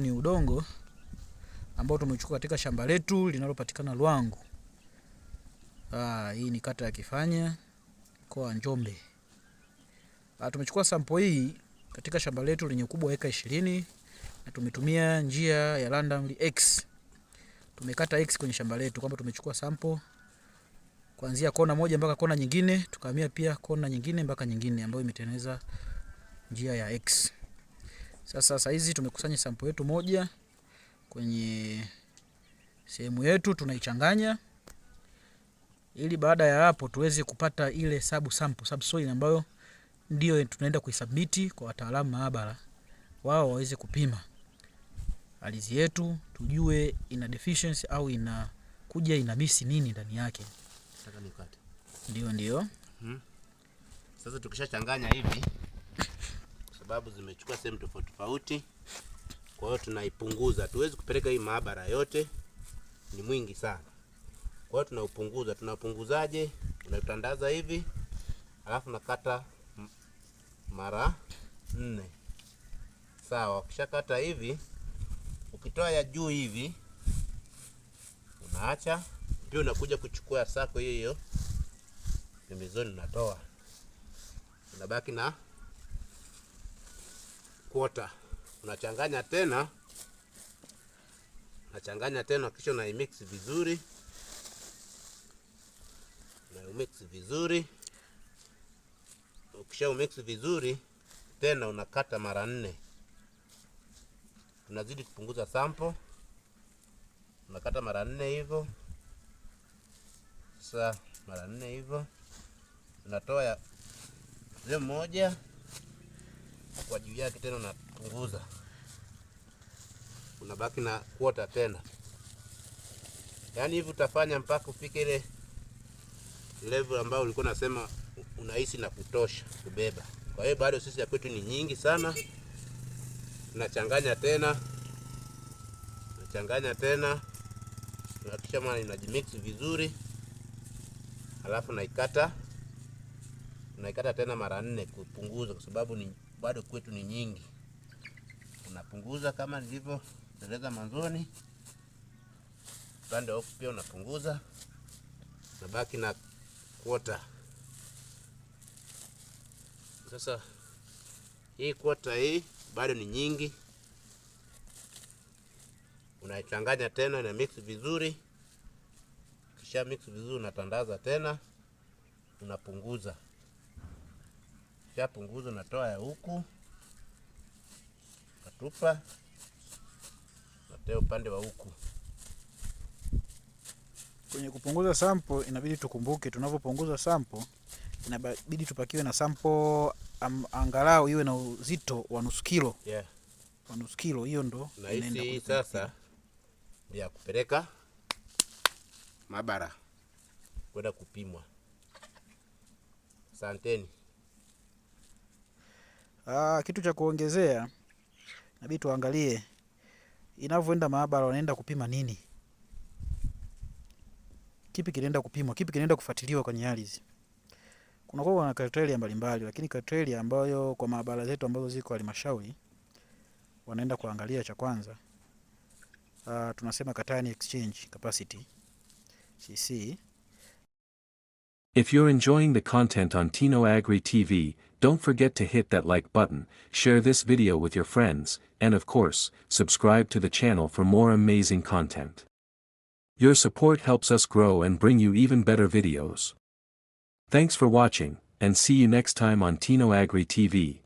Ni udongo ambao tumechukua katika shamba letu linalopatikana Lwangu. Aa, ah, hii ni kata ya Kifanya, mkoa wa Njombe. Aa, ah, tumechukua sampo hii katika shamba letu lenye ukubwa wa eka 20 na tumetumia njia ya random X. Tumekata X kwenye shamba letu kwamba tumechukua sampo kuanzia kona moja mpaka kona nyingine, tukahamia pia kona nyingine mpaka nyingine ambayo imetengeneza njia ya X. Sasa sasa hizi tumekusanya sampo yetu moja kwenye sehemu yetu, tunaichanganya ili baada ya hapo tuweze kupata ile sub sample subsoil ambayo ndio tunaenda kuisubmiti kwa wataalamu maabara, wao waweze kupima ardhi yetu, tujue ina deficiency au ina kuja ina misi nini ndani yake. Ndio, ndio. Hmm. Sasa tukishachanganya hivi sababu zimechukua sehemu tofauti tofauti, kwa hiyo tunaipunguza. Tuwezi kupeleka hii maabara yote, ni mwingi sana, kwa hiyo tunaupunguza. Tunapunguzaje? Unatandaza hivi, alafu nakata mara nne, sawa. Ukishakata hivi, ukitoa ya juu hivi, unaacha pia, unakuja kuchukua sako hiyo hiyo pembezoni, unatoa, unabaki na kuota Unachanganya tena, unachanganya tena kisha unaimix vizuri, unaimix vizuri. Ukisha umix vizuri tena unakata mara nne. Tunazidi kupunguza sample, unakata mara nne hivyo. Sasa mara nne hivyo unatoa ya moja kwa juu yake tena unapunguza, unabaki na kuota tena. Yaani hivi utafanya mpaka ufike ile level ambayo ulikuwa unasema unahisi na kutosha kubeba. Kwa hiyo bado sisi ya kwetu ni nyingi sana, tunachanganya tena, tunachanganya tena, tunahakikisha maana inajimix vizuri, alafu naikata unaikata tena mara nne kupunguza, kwa sababu ni bado kwetu ni nyingi. Unapunguza kama nilivyoeleza mwanzoni, upande wa pia unapunguza, nabaki na kuota Sasa hii kuota hii bado ni nyingi, unaichanganya tena na mix vizuri, kisha mix vizuri, unatandaza tena, unapunguza kisha punguzo natoa ya huku natupa, natoa upande wa huku. Kwenye kupunguza sampo, inabidi tukumbuke, tunavyopunguza sampo inabidi tupakiwe na sampo angalau iwe na uzito wa nusu kilo, yeah. wa nusu kilo, hiyo ndo inaenda sasa ya kupeleka maabara kwenda kupimwa. Santeni. Aa, ah, kitu cha kuongezea nabidi tuangalie inavyoenda maabara, wanaenda kupima nini? Kipi kinaenda kupimwa? Kipi kinaenda kufuatiliwa kwenye ardhi? Kuna kwa na criteria mbalimbali, lakini criteria ambayo kwa maabara zetu ambazo ziko halmashauri wanaenda kuangalia, cha kwanza uh, tunasema cation exchange capacity CC. If you're enjoying the content on Tino Agri TV, Don't forget to hit that like button, share this video with your friends, and of course, subscribe to the channel for more amazing content. Your support helps us grow and bring you even better videos. Thanks for watching, and see you next time on Tino Agri TV.